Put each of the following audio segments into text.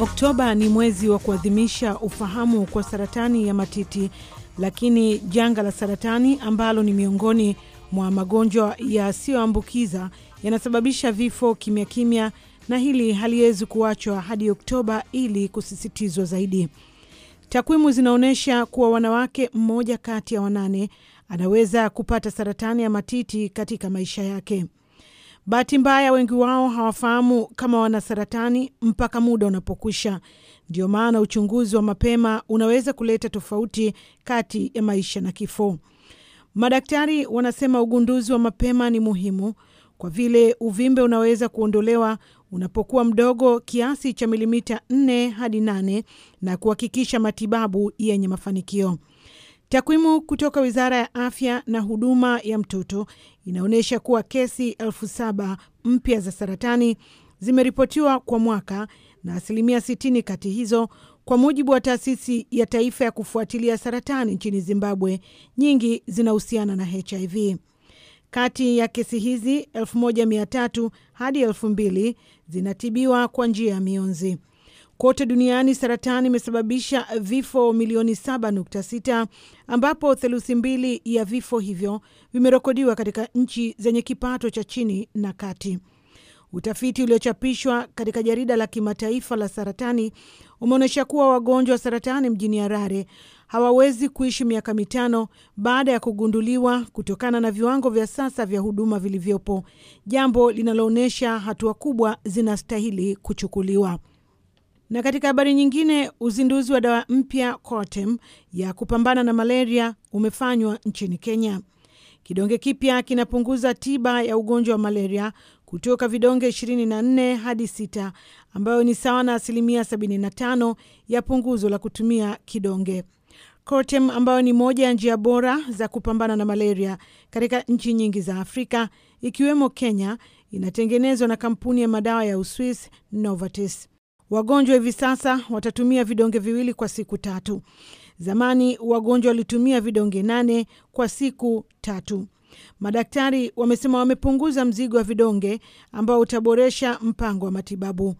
Oktoba ni mwezi wa kuadhimisha ufahamu kwa saratani ya matiti, lakini janga la saratani ambalo ni miongoni mwa magonjwa yasiyoambukiza yanasababisha vifo kimya kimya, na hili haliwezi kuachwa hadi Oktoba ili kusisitizwa zaidi. Takwimu zinaonyesha kuwa wanawake mmoja kati ya wanane anaweza kupata saratani ya matiti katika maisha yake. Bahati mbaya, wengi wao hawafahamu kama wana saratani mpaka muda unapokwisha. Ndiyo maana uchunguzi wa mapema unaweza kuleta tofauti kati ya maisha na kifo. Madaktari wanasema ugunduzi wa mapema ni muhimu kwa vile uvimbe unaweza kuondolewa unapokuwa mdogo kiasi cha milimita 4 hadi 8 na kuhakikisha matibabu yenye mafanikio. Takwimu kutoka Wizara ya Afya na Huduma ya Mtoto inaonyesha kuwa kesi elfu saba mpya za saratani zimeripotiwa kwa mwaka na asilimia 60 kati hizo, kwa mujibu wa taasisi ya taifa ya kufuatilia saratani nchini Zimbabwe, nyingi zinahusiana na HIV. Kati ya kesi hizi 1300 hadi 2000 zinatibiwa kwa njia ya mionzi. Kote duniani saratani imesababisha vifo milioni 7.6 ambapo theluthi mbili ya vifo hivyo vimerekodiwa katika nchi zenye kipato cha chini na kati. Utafiti uliochapishwa katika jarida la kimataifa la saratani umeonyesha kuwa wagonjwa wa saratani mjini Harare hawawezi kuishi miaka mitano baada ya kugunduliwa kutokana na viwango vya sasa vya huduma vilivyopo, jambo linaloonyesha hatua kubwa zinastahili kuchukuliwa. Na katika habari nyingine, uzinduzi wa dawa mpya Cotem ya kupambana na malaria umefanywa nchini Kenya. Kidonge kipya kinapunguza tiba ya ugonjwa wa malaria kutoka vidonge 24 hadi 6 ambayo ni sawa na asilimia 75 ya punguzo la kutumia kidonge. Cotem ambayo ni moja ya njia bora za kupambana na malaria katika nchi nyingi za Afrika ikiwemo Kenya, inatengenezwa na kampuni ya madawa ya Uswis Novartis. Wagonjwa hivi sasa watatumia vidonge viwili kwa siku tatu. Zamani wagonjwa walitumia vidonge nane kwa siku tatu. Madaktari wamesema wamepunguza mzigo wa vidonge ambao utaboresha mpango wa matibabu.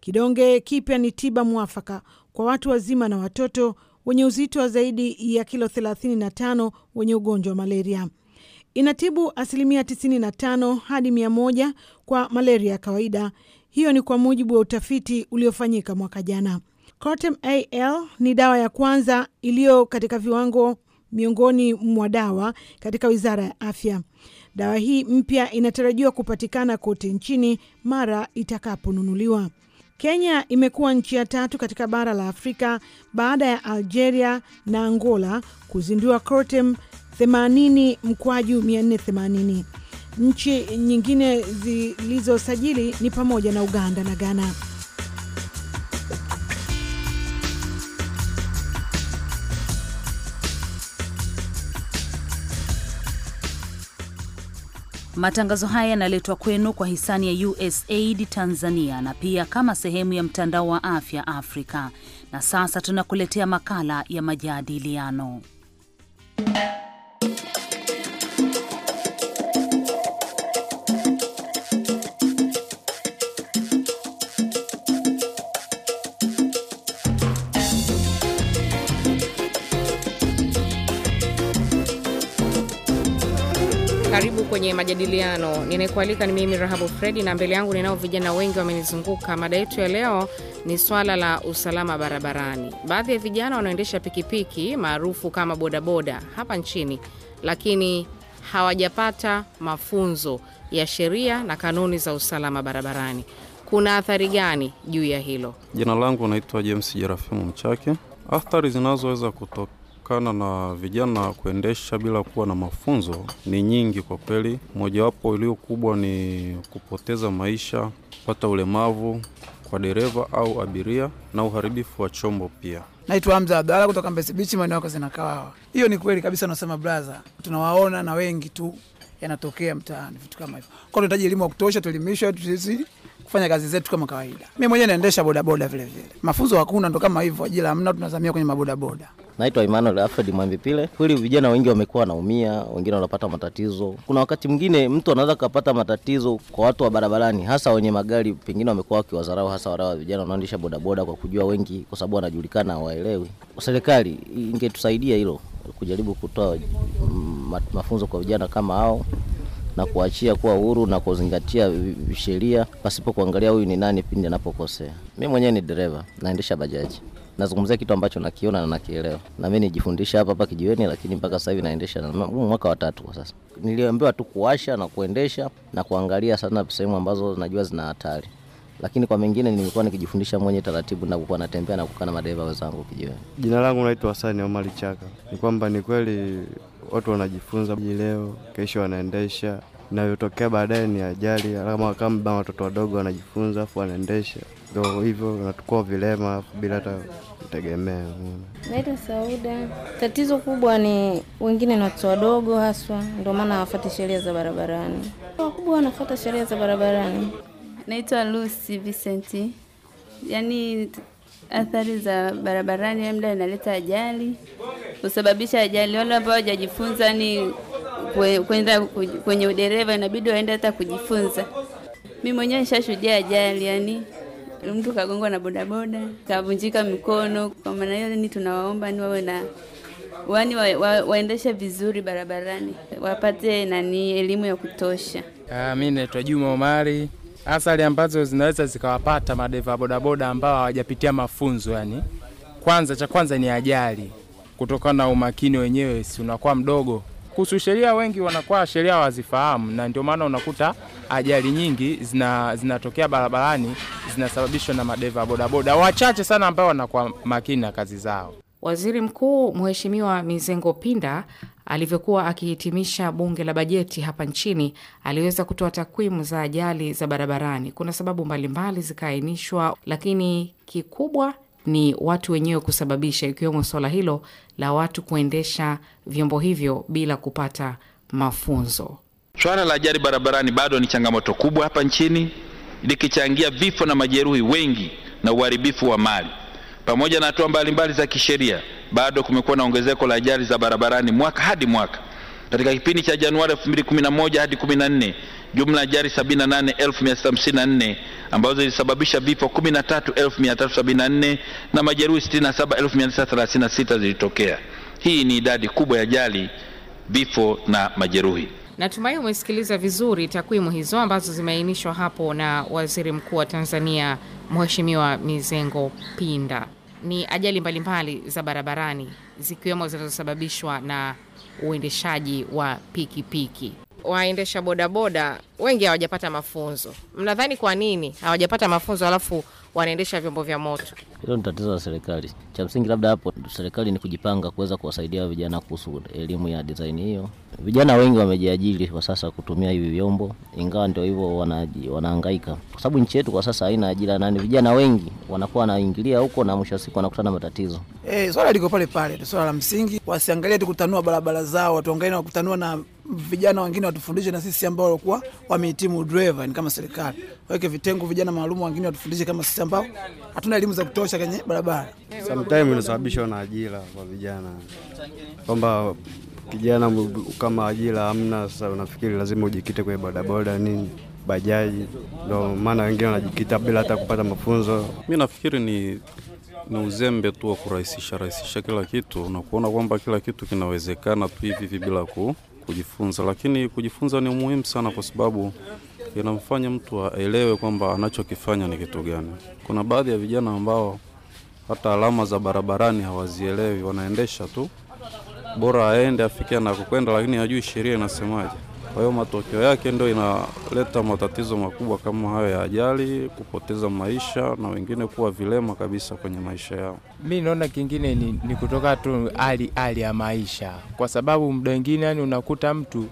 Kidonge kipya ni tiba mwafaka kwa watu wazima na watoto wenye uzito wa zaidi ya kilo 35 wenye ugonjwa wa malaria. Inatibu asilimia 95 hadi 100 kwa malaria ya kawaida hiyo ni kwa mujibu wa utafiti uliofanyika mwaka jana. Cotem Al ni dawa ya kwanza iliyo katika viwango miongoni mwa dawa katika wizara ya afya. Dawa hii mpya inatarajiwa kupatikana kote nchini mara itakaponunuliwa. Kenya imekuwa nchi ya tatu katika bara la Afrika baada ya Algeria na Angola kuzindua crotem 80 mkwaju 480. Nchi nyingine zilizosajili ni pamoja na Uganda na Ghana. Matangazo haya yanaletwa kwenu kwa hisani ya USAID Tanzania na pia kama sehemu ya mtandao wa afya Afrika. Na sasa tunakuletea makala ya majadiliano kwenye majadiliano. Ninayekualika ni mimi Rahabu Fredi, na mbele yangu ninao vijana wengi wamenizunguka. Mada yetu ya leo ni swala la usalama barabarani. Baadhi ya vijana wanaoendesha pikipiki maarufu kama bodaboda hapa nchini, lakini hawajapata mafunzo ya sheria na kanuni za usalama barabarani. Kuna athari gani juu ya hilo? Jina langu naitwa James Jerafimu Mchake. Athari zinazoweza kutokea kutokana na vijana kuendesha bila kuwa na mafunzo ni nyingi kwa kweli. Mojawapo iliyo kubwa ni kupoteza maisha, kupata ulemavu kwa dereva au abiria na uharibifu wa chombo pia. Naitwa Hamza Abdala kutoka Mbezi Beach, maeneo yako zinakawawa. Hiyo ni kweli kabisa, unasema braza, tunawaona na wengi tu yanatokea mtaani vitu kama hivyo. Kwa tunahitaji elimu ya kutosha, tuelimishwe tuzizi kufanya kazi zetu kama kawaida. Mi mwenyewe naendesha bodaboda vilevile, mafunzo hakuna, ndo kama hivyo, ajira hamna, tunazamia kwenye mabodaboda. Naitwa Emmanuel Alfred Mwambipile. Kweli vijana wengi wamekuwa wanaumia, wengine wanapata matatizo. Kuna wakati mwingine mtu anaweza kupata matatizo kwa watu wa barabarani, hasa wenye magari, pengine wamekuwa wakiwadharau, hasa wale wa vijana wanaoendesha bodaboda, kwa kujua wengi, kwa sababu wanajulikana, hawaelewi. Serikali ingetusaidia hilo, kujaribu kutoa mafunzo kwa vijana kama hao na kuachia kuwa huru na kuzingatia sheria pasipo kuangalia huyu ni nani pindi anapokosea. Mimi mwenyewe ni dereva, naendesha bajaji nazungumzia kitu ambacho nakiona na nakielewa, na mimi nijifundisha hapa hapa kijiweni, lakini mpaka sasa hivi naendesha na mwaka wa tatu kwa sasa. Niliambiwa tu kuwasha na kuendesha na kuangalia sana sehemu ambazo najua zina hatari, lakini kwa mengine nimekuwa nikijifundisha mwenye taratibu na kukuwa natembea na kukaa na madereva wenzangu kijiweni. Jina langu naitwa Hasani Omari Chaka. Ni kwamba ni kweli watu wanajifunza leo, kesho wanaendesha, inavyotokea baadaye ni ajali, kama kama watoto wadogo wanajifunza afu wanaendesha ndo hivyo natukuwa vilema bila hata kutegemea. Naitwa Sauda. Tatizo kubwa ni wengine ni watoto wadogo haswa, ndio maana hawafati sheria za barabarani. Wakubwa wanafata sheria za barabarani. Naitwa Lucy Vicenti. Yaani athari za barabarani mda inaleta ajali, kusababisha ajali. Wale ambao hawajajifunza ni kwenda kwenye udereva, inabidi waende hata kujifunza. Mi mwenyewe nishashuhudia ajali yani mtu kagongwa na bodaboda kavunjika mikono. Kwa maana hiyo, ni tunawaomba ni wawe na wani wa, wa, waendeshe vizuri barabarani, wapate nani elimu ya kutosha. Ah, Mi naitwa Juma Omari. Athari ambazo zinaweza zikawapata madereva bodaboda ambao hawajapitia mafunzo, yani kwanza, cha kwanza ni ajali, kutokana na umakini wenyewe, si unakuwa mdogo kuhusu sheria, wengi wanakuwa sheria wazifahamu, na ndio maana unakuta ajali nyingi zinatokea zina barabarani zinasababishwa na madeva bodaboda, wachache sana ambao wanakuwa makini na kazi zao. Waziri Mkuu Mheshimiwa Mizengo Pinda alivyokuwa akihitimisha bunge la bajeti hapa nchini, aliweza kutoa takwimu za ajali za barabarani. Kuna sababu mbalimbali zikaainishwa, lakini kikubwa ni watu wenyewe kusababisha, ikiwemo swala hilo la watu kuendesha vyombo hivyo bila kupata mafunzo. Swala la ajari barabarani bado ni changamoto kubwa hapa nchini, likichangia vifo na majeruhi wengi na uharibifu wa mali. Pamoja na hatua mbalimbali za kisheria, bado kumekuwa na ongezeko la ajari za barabarani mwaka hadi mwaka. Katika kipindi cha Januari 211 hadi 14 jumla ya ajali 78654 ambazo zilisababisha vifo 13374 na majeruhi 67936 zilitokea. Hii ni idadi kubwa ya ajali, vifo na majeruhi. Natumai umesikiliza vizuri takwimu hizo ambazo zimeainishwa hapo na Waziri Mkuu wa Tanzania Mheshimiwa Mizengo Pinda. Ni ajali mbalimbali za barabarani zikiwemo zinazosababishwa na uendeshaji wa pikipiki piki waendesha bodaboda wengi hawajapata mafunzo. Mnadhani kwa nini hawajapata mafunzo alafu wanaendesha vyombo vya moto? Hilo ni tatizo la serikali. Cha msingi labda hapo serikali ni kujipanga kuweza kuwasaidia vijana kuhusu elimu ya design hiyo. Vijana wengi wamejiajiri kwa sasa kutumia hivi vyombo, ingawa ndio hivyo wanaangaika kwa sababu nchi yetu kwa sasa haina ajira nani, vijana wengi wanakuwa wanaingilia huko na mwisho wa siku wanakutana matatizo. e, swala liko pale pale, swala la msingi wasiangalie tu kutanua barabara zao, watuangalie na kutanua na vijana wengine watufundishe na sisi ambao walikuwa wamehitimu udreva ni kama serikali waweke vitengo vijana maalumu wengine watufundishe kama sisi ambao hatuna elimu za kutosha kwenye barabara. Sometimes inasababishwa na ajira kwa vijana, kwamba kijana kama ajira hamna, sasa unafikiri lazima ujikite kwenye bodaboda nini bajaji, ndo maana wengine wanajikita bila hata kupata mafunzo. Mi nafikiri ni ni uzembe tu wa kurahisisha rahisisha kila kitu na kuona kwamba kila kitu kinawezekana tu hivi hivi bila ku kujifunza, lakini kujifunza ni muhimu sana kwa sababu inamfanya mtu aelewe kwamba anachokifanya ni kitu gani. Kuna baadhi ya vijana ambao hata alama za barabarani hawazielewi, wanaendesha tu, bora aende afikia anakokwenda, lakini hajui sheria inasemaje. Kwa hiyo matokeo yake ndio inaleta matatizo makubwa kama hayo ya ajali, kupoteza maisha na wengine kuwa vilema kabisa kwenye maisha yao. Mi naona kingine ni, ni kutoka tu hali hali ya maisha, kwa sababu muda wengine yani unakuta mtu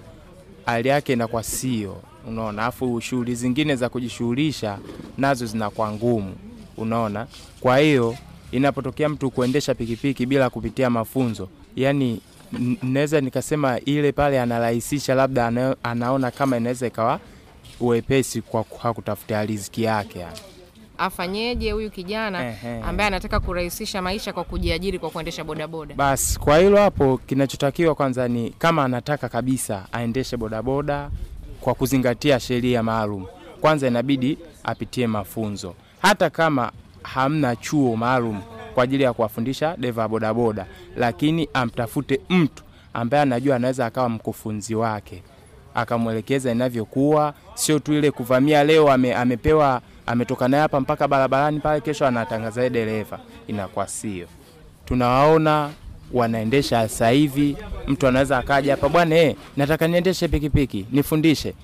hali yake inakuwa sio, unaona, alafu shughuli zingine za kujishughulisha nazo zinakuwa ngumu, unaona. Kwa hiyo inapotokea mtu kuendesha pikipiki bila kupitia mafunzo, yani naweza nikasema ile pale anarahisisha, labda anaona kama inaweza ikawa uwepesi kwa hakutafutia riziki yake yani afanyeje huyu kijana ambaye anataka kurahisisha maisha kwa kujiajiri kwa kuendesha bodaboda? Basi kwa hilo hapo, kinachotakiwa kwanza ni kama anataka kabisa aendeshe bodaboda kwa kuzingatia sheria maalum, kwanza inabidi apitie mafunzo. Hata kama hamna chuo maalum, kwa ajili ya kuwafundisha deva bodaboda, lakini amtafute mtu ambaye anajua anaweza akawa mkufunzi wake akamwelekeza inavyokuwa, sio tu ile kuvamia. Leo ame, amepewa ametoka naye hapa mpaka barabarani pale, kesho anatangaza anatangazae dereva, inakuwa sio. Tunawaona wanaendesha sasa hivi, mtu anaweza akaja hapa, bwana eh, nataka niendeshe pikipiki nifundishe.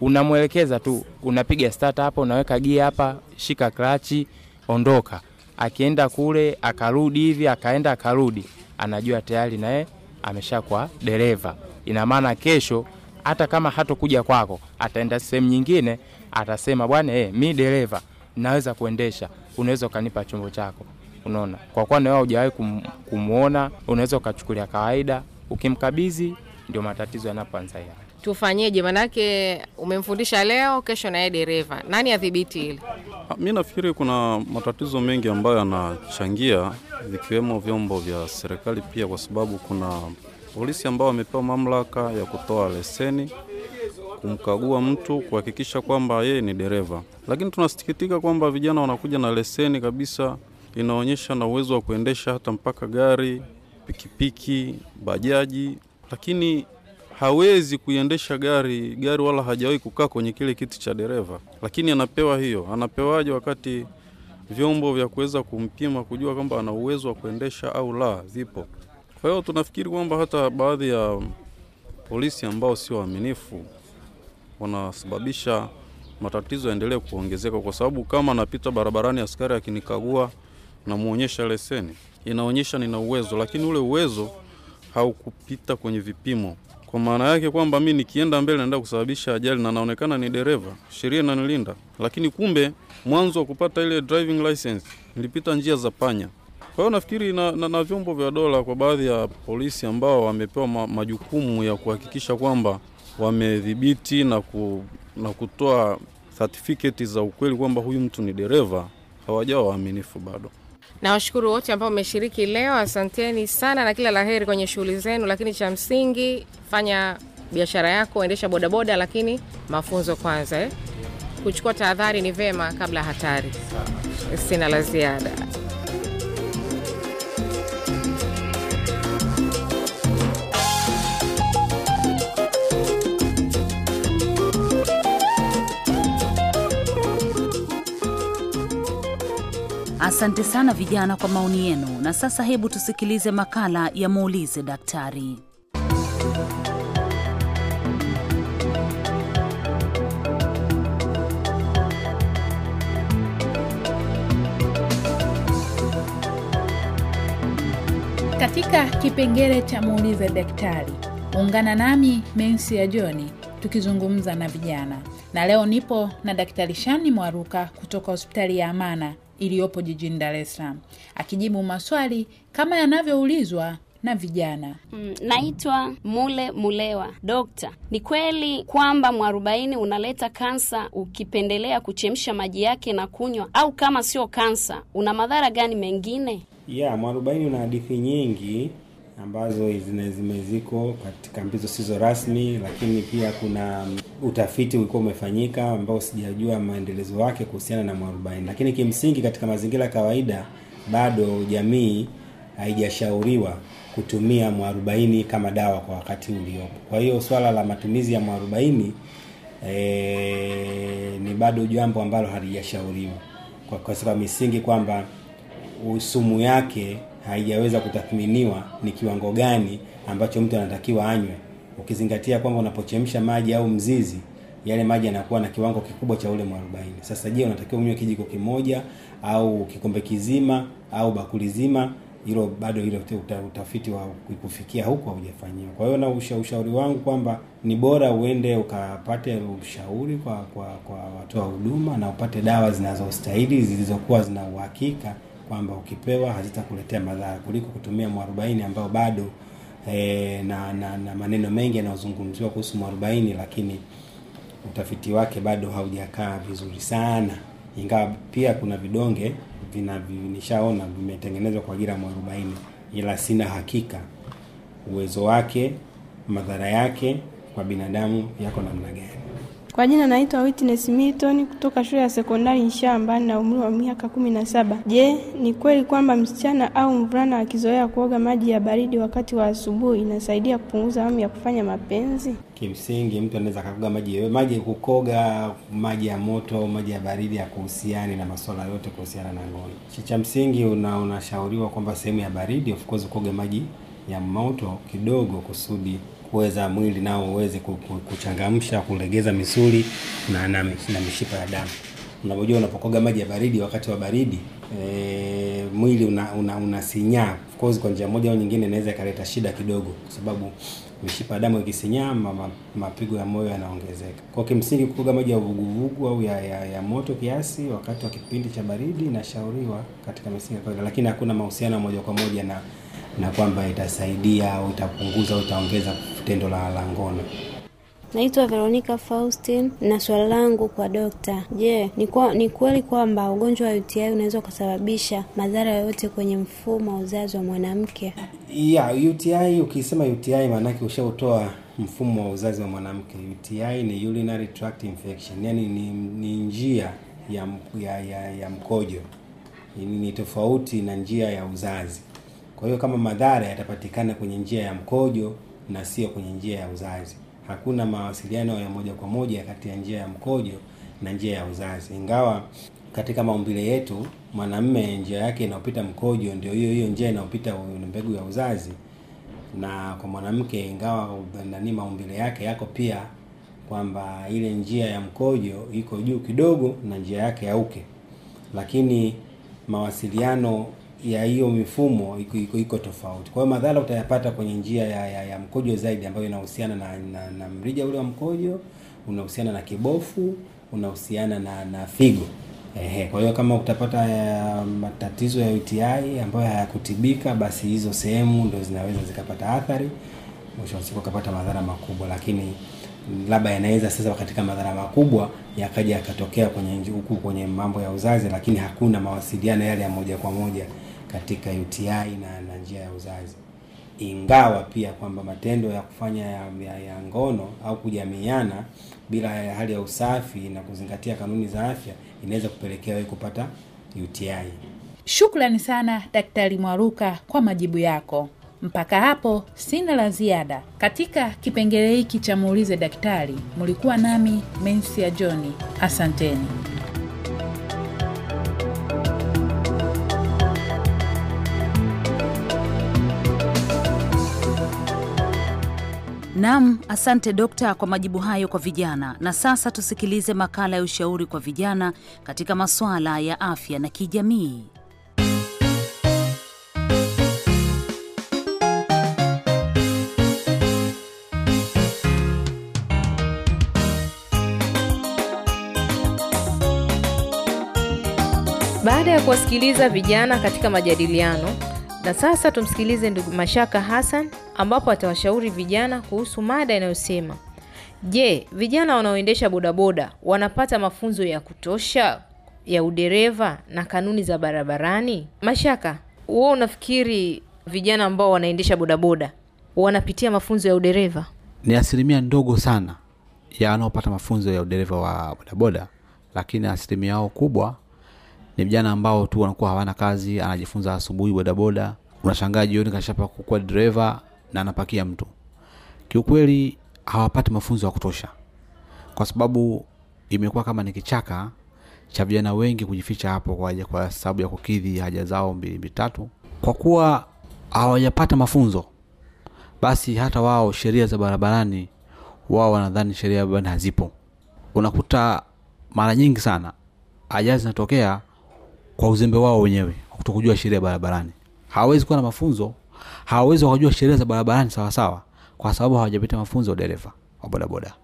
Unamwelekeza tu, unapiga start hapa, unaweka gia hapa, shika klachi, ondoka akienda kule akarudi hivi akaenda akarudi, anajua tayari naye ameshakuwa dereva. Ina maana kesho hata kama hatokuja kwako, ataenda sehemu nyingine, atasema bwana, eh, mi dereva naweza kuendesha, unaweza ukanipa chombo chako. Unaona, kwa kuwa nawe hujawahi kum, kumwona, unaweza ukachukulia kawaida. Ukimkabidhi, ndio matatizo yanapoanza yale tufanyeje? Maanake umemfundisha leo, kesho naye dereva, nani adhibiti ile? Ah, mi nafikiri kuna matatizo mengi ambayo yanachangia, vikiwemo vyombo vya serikali pia, kwa sababu kuna polisi ambao wamepewa mamlaka ya kutoa leseni kumkagua mtu kuhakikisha kwamba yeye ni dereva, lakini tunasikitika kwamba vijana wanakuja na leseni kabisa inaonyesha na uwezo wa kuendesha hata mpaka gari, pikipiki, bajaji, lakini hawezi kuiendesha gari gari, wala hajawahi kukaa kwenye kile kiti cha dereva, lakini anapewa hiyo. Anapewaje wakati vyombo vya kuweza kumpima kujua kwamba ana uwezo wa kuendesha au la zipo? Kwa hiyo tunafikiri kwamba hata baadhi ya polisi ambao sio waaminifu wanasababisha matatizo yaendelee kuongezeka, kwa sababu kama anapita barabarani askari akinikagua, namwonyesha leseni, inaonyesha nina uwezo, lakini ule uwezo haukupita kwenye vipimo. Kwa maana yake kwamba mi nikienda mbele naenda kusababisha ajali na naonekana ni dereva, sheria inanilinda. Lakini kumbe mwanzo wa kupata ile driving license nilipita njia za panya. Kwa hiyo nafikiri na, na, na vyombo vya dola kwa baadhi ya polisi ambao wamepewa ma, majukumu ya kuhakikisha kwamba wamedhibiti na, ku, na kutoa certificate za ukweli kwamba huyu mtu ni dereva, hawajawa waaminifu bado. Nawashukuru wote ambao umeshiriki leo, asanteni sana na kila laheri kwenye shughuli zenu, lakini cha msingi fanya biashara yako, endesha bodaboda, lakini mafunzo kwanza eh. Kuchukua tahadhari ni vema kabla hatari. Sina la ziada. Asante sana vijana kwa maoni yenu. Na sasa hebu tusikilize makala ya muulize daktari. Katika kipengele cha muulize daktari, ungana nami Mensi ya Joni tukizungumza na vijana, na leo nipo na Daktari Shani Mwaruka kutoka hospitali ya Amana iliyopo jijini Dar es Salaam, akijibu maswali kama yanavyoulizwa na vijana. Mm, naitwa Mule Mulewa. Dokta, ni kweli kwamba mwarobaini unaleta kansa ukipendelea kuchemsha maji yake na kunywa, au kama sio kansa una madhara gani mengine? Ya, mwarobaini una hadithi nyingi ambazo zimeziko katika mbizo sizo rasmi, lakini pia kuna um, utafiti ulikuwa umefanyika ambao sijajua maendelezo wake kuhusiana na mwarobaini. Lakini kimsingi katika mazingira ya kawaida bado jamii haijashauriwa kutumia mwarobaini kama dawa kwa wakati uliopo. Kwa hiyo swala la matumizi ya mwarobaini e, eh, ni bado jambo ambalo halijashauriwa kwa, kwa sababu misingi kwamba uh, sumu yake haijaweza kutathminiwa ni kiwango gani ambacho mtu anatakiwa anywe, ukizingatia kwamba unapochemsha maji au mzizi yale maji yanakuwa na kiwango kikubwa cha ule mwarobaini. Sasa je, unatakiwa unywe kijiko kimoja au kikombe kizima au bakuli zima? Hilo bado ile utafiti wa kufikia huko haujafanyiwa. Kwa hiyo na usha, ushauri wangu kwamba ni bora uende ukapate ushauri kwa kwa, kwa watoa huduma na upate dawa zinazostahili zilizokuwa zina uhakika kwamba ukipewa hazitakuletea madhara kuliko kutumia mwarobaini ambao bado e, na, na, na maneno mengi yanayozungumziwa kuhusu mwarobaini, lakini utafiti wake bado haujakaa vizuri sana, ingawa pia kuna vidonge vinanishaona vimetengenezwa kwa ajili ya mwarobaini, ila sina hakika uwezo wake, madhara yake kwa binadamu yako namna gani. Kwa jina naitwa Witness Milton kutoka shule ya sekondari Nshamba na umri wa miaka kumi na saba. Je, ni kweli kwamba msichana au mvulana akizoea kuoga maji ya baridi wakati wa asubuhi inasaidia kupunguza hamu ya kufanya mapenzi? Kimsingi mtu anaweza kakoga maji yoyote. Maji kukoga, maji ya moto maji ya baridi ya kuhusiani na masuala yote kuhusiana na ngono. Cha msingi una unashauriwa kwamba sehemu ya baridi of course ukoge maji ya moto kidogo kusudi kuweza mwili nao uweze kuchangamsha, kulegeza misuli na, na, na mishipa ya damu. Unapojua unapokoga maji ya baridi wakati wa baridi e, mwili una, una, Of course kwa njia moja au nyingine inaweza ikaleta shida kidogo, kwa sababu mishipa ya damu ikisinyaa, mapigo ya moyo yanaongezeka. Kwa kimsingi, kukoga maji ya vuguvugu au ya, ya, ya moto kiasi wakati wa kipindi cha baridi inashauriwa katika misingi ya kawaida, lakini hakuna mahusiano moja kwa moja na na kwamba itasaidia au itapunguza au itaongeza tendo la ngono. Naitwa Veronica Faustin na swali langu kwa dokta, je, ni, ni kweli kwamba ugonjwa wa UTI unaweza ukasababisha madhara yoyote kwenye mfumo wa uzazi wa mwanamke? Yeah, UTI ukisema UTI maanake ushautoa mfumo wa uzazi wa mwanamke. UTI ni urinary tract infection, yani ni, ni njia ya, ya, ya, ya mkojo, ni, ni tofauti na njia ya uzazi. Kwa hiyo kama madhara yatapatikana kwenye njia ya mkojo na sio kwenye njia ya uzazi. Hakuna mawasiliano ya moja kwa moja kati ya njia ya mkojo na njia ya uzazi, ingawa katika maumbile yetu mwanamume njia yake inayopita mkojo ndio hiyo hiyo njia inayopita mbegu ya uzazi, na kwa mwanamke ingawa ndani maumbile yake yako pia kwamba ile njia ya mkojo iko juu kidogo na njia yake ya uke, lakini mawasiliano ya hiyo mifumo iko, iko, iko tofauti. Kwa hiyo madhara utayapata kwenye njia ya, ya, ya mkojo zaidi ambayo inahusiana na, na, na mrija ule wa mkojo, unahusiana na kibofu, unahusiana na, na figo. Ehe, kwa hiyo kama utapata ya matatizo ya UTI ambayo hayakutibika, basi hizo sehemu ndio zinaweza zikapata athari, mwisho wa siku akapata madhara makubwa, lakini labda yanaweza sasa katika madhara makubwa yakaja yakatokea kwenye huku kwenye mambo ya uzazi, lakini hakuna mawasiliano yale ya moja kwa moja katika UTI na, na njia ya uzazi, ingawa pia kwamba matendo ya kufanya ya, ya, ya ngono au kujamiana bila ya hali ya usafi na kuzingatia kanuni za afya inaweza kupelekea wewe kupata UTI. Shukrani sana Daktari Mwaruka kwa majibu yako. Mpaka hapo sina la ziada katika kipengele hiki cha muulize daktari. Mlikuwa nami Mensia Johni, asanteni. Nam, asante dokta kwa majibu hayo kwa vijana. Na sasa tusikilize makala ya ushauri kwa vijana katika masuala ya afya na kijamii. Baada ya kuwasikiliza vijana katika majadiliano, na sasa tumsikilize ndugu Mashaka Hassan ambapo atawashauri vijana kuhusu mada inayosema Je, vijana wanaoendesha bodaboda wanapata mafunzo ya kutosha ya udereva na kanuni za barabarani? Mashaka, wewe unafikiri vijana ambao wanaendesha bodaboda wanapitia mafunzo ya udereva? Ni asilimia ndogo sana ya wanaopata mafunzo ya udereva wa bodaboda, lakini asilimia yao kubwa ni vijana ambao tu wanakuwa hawana kazi, anajifunza asubuhi bodaboda, unashangaa jioni kashapa kukuwa dereva na anapakia mtu. Kiukweli hawapati mafunzo ya kutosha, kwa sababu imekuwa kama ni kichaka cha vijana wengi kujificha hapo kwa, kwa sababu ya kukidhi haja zao mbili mbili tatu. Kwa kuwa hawajapata mafunzo, basi hata wao sheria za barabarani wao wanadhani sheria barabarani hazipo. Unakuta mara nyingi sana ajali zinatokea kwa uzembe wao wenyewe kutokujua sheria barabarani. Hawawezi kuwa na mafunzo, hawawezi wakajua sheria za barabarani sawasawa, kwa sababu hawajapata mafunzo dereva wa bodaboda.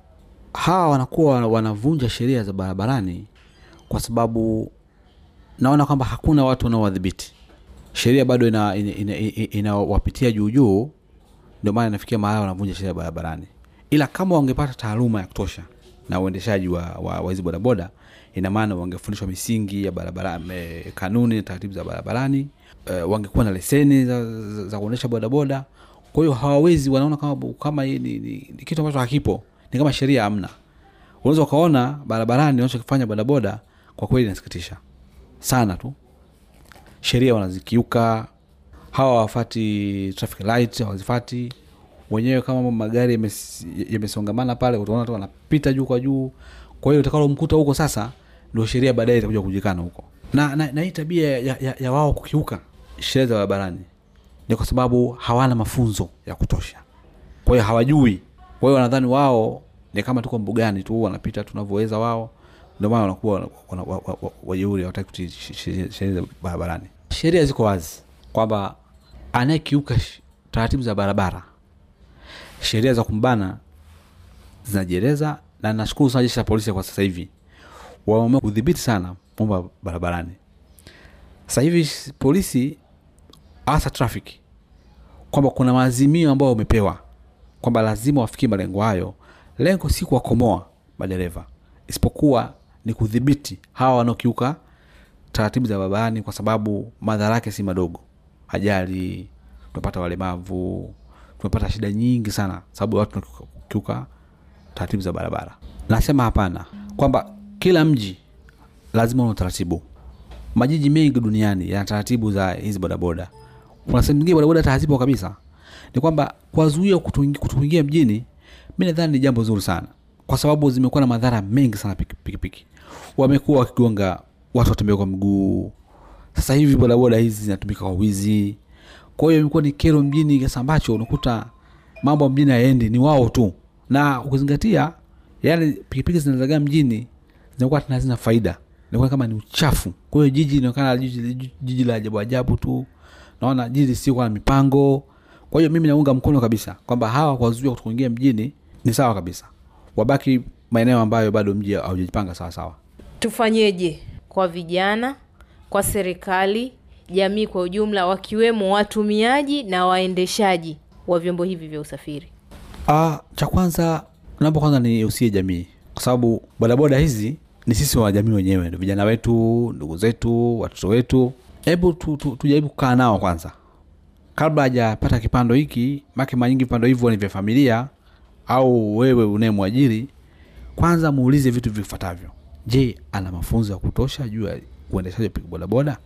Hawa wanakuwa wanavunja sheria za barabarani kwa sababu naona kwamba hakuna watu wanaowadhibiti. Sheria bado inawapitia ina, ina, ina juu ndio maana inafikia mahala wanavunja sheria barabarani. Ila kama wangepata taaluma ya kutosha na uendeshaji wa, wa, wa hizi bodaboda ina maana wangefundishwa misingi ya barabara kanuni taratibu za barabarani uh, wangekuwa na leseni za, za, za kuendesha bodaboda kwa hiyo hawawezi wanaona kama, kama ni, ni, ni, ni kitu ambacho hakipo ni kama sheria hamna unaweza ukaona barabarani wanachokifanya bodaboda kwa kweli inasikitisha sana tu sheria wanazikiuka hawa wafati traffic light hawazifati wenyewe kama magari yamesongamana pale utaona tu wanapita juu kwa juu kwa hiyo utakalomkuta huko sasa ndio sheria baadaye itakuja kujikana huko na, na, na hii tabia ya, ya, ya wao kukiuka sheria za barabarani ni kwa sababu hawana mafunzo ya kutosha kwa hiyo hawajui kwa hiyo wanadhani wao ni kama tuko mbugani tu wanapita tunavyoweza wao ndio maana wanakuwa wajeuri hawataki kutii sheria za barabarani sheria ziko wazi kwamba anayekiuka taratibu za barabara sheria za kumbana zinajieleza na nashukuru sana jeshi la polisi kwa sasa hivi wameamua kudhibiti sana mambo barabarani. Sasa hivi polisi, hasa traffic, kwamba kuna maazimio ambayo wamepewa kwamba lazima wafikie malengo hayo. Lengo si kuwakomoa madereva, isipokuwa ni kudhibiti hawa wanaokiuka taratibu za barabarani, kwa sababu madhara yake si madogo. Ajali, tunapata walemavu, tumepata shida nyingi sana, sababu watu wanakiuka taratibu za barabara. Nasema hapana, kwamba kila mji lazima una utaratibu majiji mengi duniani yana taratibu za hizi bodaboda kuna sehemu nyingine bodaboda tahazipo kabisa ni kwamba kuwazuia kutuingia mjini mi nadhani ni jambo zuri sana kwa sababu zimekuwa na madhara mengi sana pikipiki piki. wamekuwa wakigonga watu watembea kwa mguu sasa hivi bodaboda hizi zinatumika kwa wizi kwa hiyo imekuwa ni kero mjini kiasi ambacho unakuta mambo mjini hayaendi ni wao tu na ukizingatia yani pikipiki zinazagaa mjini zinakuwa tena zina faida inakuwa kama ni uchafu kwa hiyo jiji inaonekana jiji, jiji la ajabu ajabu tu naona jiji lisiokuwa na mipango kwa hiyo mimi naunga mkono kabisa kwamba hawa kuwazuia kutokuingia mjini ni sawa kabisa wabaki maeneo ambayo bado mji haujajipanga sawasawa tufanyeje kwa vijana kwa serikali jamii kwa ujumla wakiwemo watumiaji na waendeshaji wa vyombo hivi vya usafiri ah, cha kwanza naomba kwanza niusie jamii kwa sababu bodaboda hizi ni sisi wa jamii wenyewe vijana wetu ndugu zetu watoto wetu hebu tu, tu, tujaribu kukaa nao kwanza kabla hajapata kipando hiki make manyingi vipando hivyo ni vya familia au wewe mwajiri kwanza muulize vitu vifuatavyo je ana mafunzo ya kutosha juu ya uendeshaji bodaboda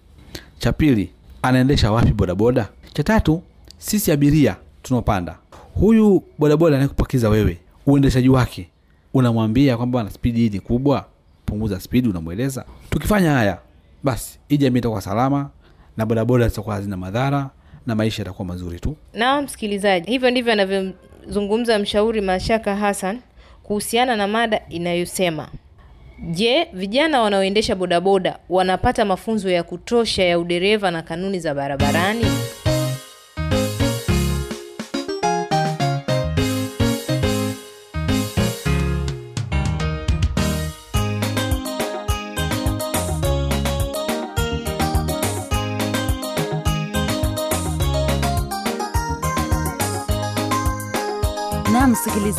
cha pili anaendesha wapi bodaboda cha tatu sisi abiria tunaopanda huyu bodaboda anayekupakiza wewe uendeshaji wake unamwambia kwamba ana spidi hii kubwa kupunguza spidi unamweleza tukifanya haya basi hii jamii itakuwa salama na bodaboda zitakuwa hazina madhara na maisha yatakuwa mazuri tu na msikilizaji hivyo ndivyo anavyozungumza mshauri mashaka hassan kuhusiana na mada inayosema je vijana wanaoendesha bodaboda wanapata mafunzo ya kutosha ya udereva na kanuni za barabarani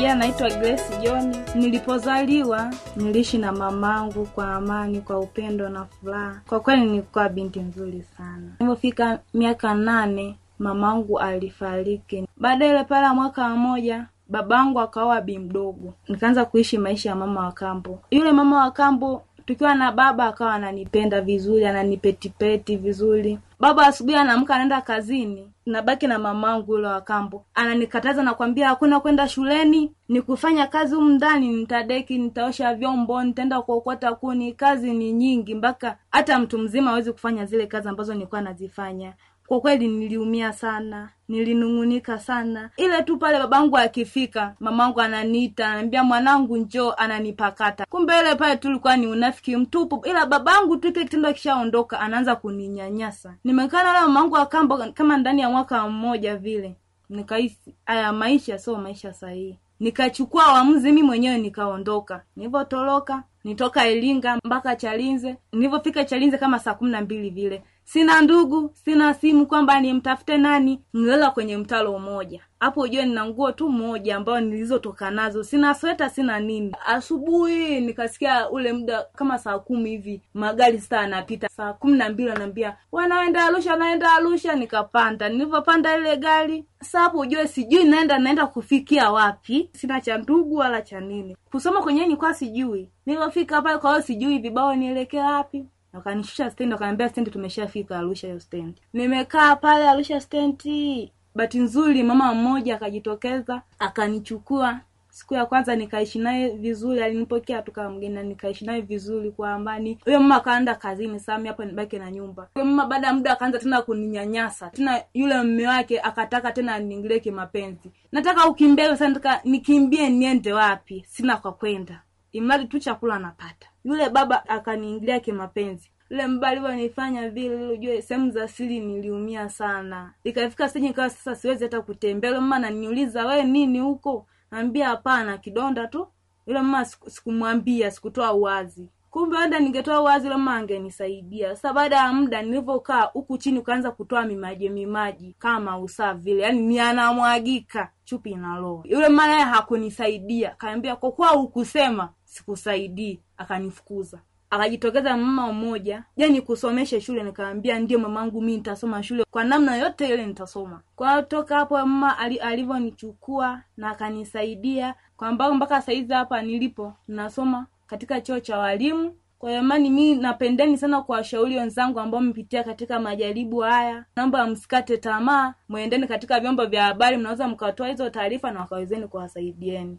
kawaida naitwa Grace John. Nilipozaliwa niliishi na mamangu kwa amani, kwa upendo na furaha. Kwa kweli nilikuwa binti nzuri sana. Nilipofika miaka nane mamangu alifariki. Baada ile pale ya mwaka mmoja babangu akaoa bi mdogo, nikaanza kuishi maisha ya mama wa kambo. Yule mama wa kambo Tukiwa na baba akawa ananipenda vizuri, ananipetipeti vizuri. Baba asubuhi anaamka anaenda kazini, nabaki na mamangu ule wakambo ananikataza nakwambia hakuna kwenda shuleni, ni kufanya kazi humu ndani, nitadeki, nitaosha vyombo, nitaenda kuokota kuni. Kazi ni nyingi, mpaka hata mtu mzima awezi kufanya zile kazi ambazo nilikuwa nazifanya. Kwa kweli niliumia sana, nilinung'unika sana. Ile tu pale babangu akifika, mamangu ananiita, anaambia mwanangu njoo, ananipakata. Kumbe ile pale tulikuwa ni unafiki mtupu, ila babangu tu kile kitendo akishaondoka anaanza kuninyanyasa. nimekana na mamangu akamba kama ndani ya mwaka mmoja vile, nikahisi aya maisha sio maisha sahihi. Nikachukua uamuzi mi mwenyewe nikaondoka. Nilivyotoroka nitoka Iringa mpaka Chalinze. Nilivyofika Chalinze kama saa kumi na mbili vile sina ndugu, sina simu, kwamba nimtafute nani. Nilala kwenye mtalo mmoja hapo, ujue nina nguo tu moja ambayo nilizotoka nazo, sina sweta, sina nini. Asubuhi nikasikia ule muda kama saa kumi hivi magari sasa anapita saa kumi na mbili anaambia wanaenda Arusha, wanaenda Arusha. Nikapanda, nilivyopanda ile gari sasa, hapo ujue sijui naenda naenda kufikia wapi, sina cha ndugu wala cha nini. Kusoma kwenyewe nilikuwa sijui, nilivyofika pale, kwa hiyo sijui vibao nielekea wapi wakanishusha stendi, wakaniambia stendi tumeshafika Arusha. Hiyo stendi nimekaa pale Arusha stendi, bahati nzuri mama mmoja akajitokeza akanichukua siku ya kwanza nikaishi naye vizuri, alinipokea tu mgeni na nikaishi naye vizuri kwa amani. Huyo mama akaenda kazini, sami hapa nibaki na nyumba. Huyo mama baada ya muda akaanza tena kuninyanyasa tena, yule mume wake akataka tena niingilie kimapenzi. Nataka ukimbie sana, nikimbie, niende wapi? Sina kwa kwenda, imradi tu chakula napata yule baba akaniingilia kimapenzi. Yule mbaba alivyonifanya vile, ujue sehemu za siri niliumia sana, ikafika stage nikawa sasa siwezi hata kutembea. Yule mama ananiuliza we nini huko, naambia hapana, kidonda tu. Yule mama sikumwambia, sikutoa uwazi. Kumbe labda ningetoa wazi lama angenisaidia. Sasa baada ya muda nilivyokaa huku chini, ukaanza kutoa mimaji mimaji kama usaa vile, yaani ni anamwagika chupi loo Yule mama hakunisaidia, kaambia kwa kuwa hukusema sikusaidii, akanifukuza. Akajitokeza mama mmoja, je, nikusomeshe yaani shule? Nikaambia ndio mamangu, mi nitasoma shule kwa namna yote ile nitasoma. Kwa toka hapo mama alivyonichukua na akanisaidia, kwa ambao mpaka saizi hapa nilipo nasoma katika chuo cha walimu. Kwa hiyo mani, mi napendeni sana kuwashauri wenzangu ambao mmepitia katika majaribu haya, naomba msikate tamaa, mwendeni katika vyombo vya habari, mnaweza mkatoa hizo taarifa na wakawezeni kuwasaidieni.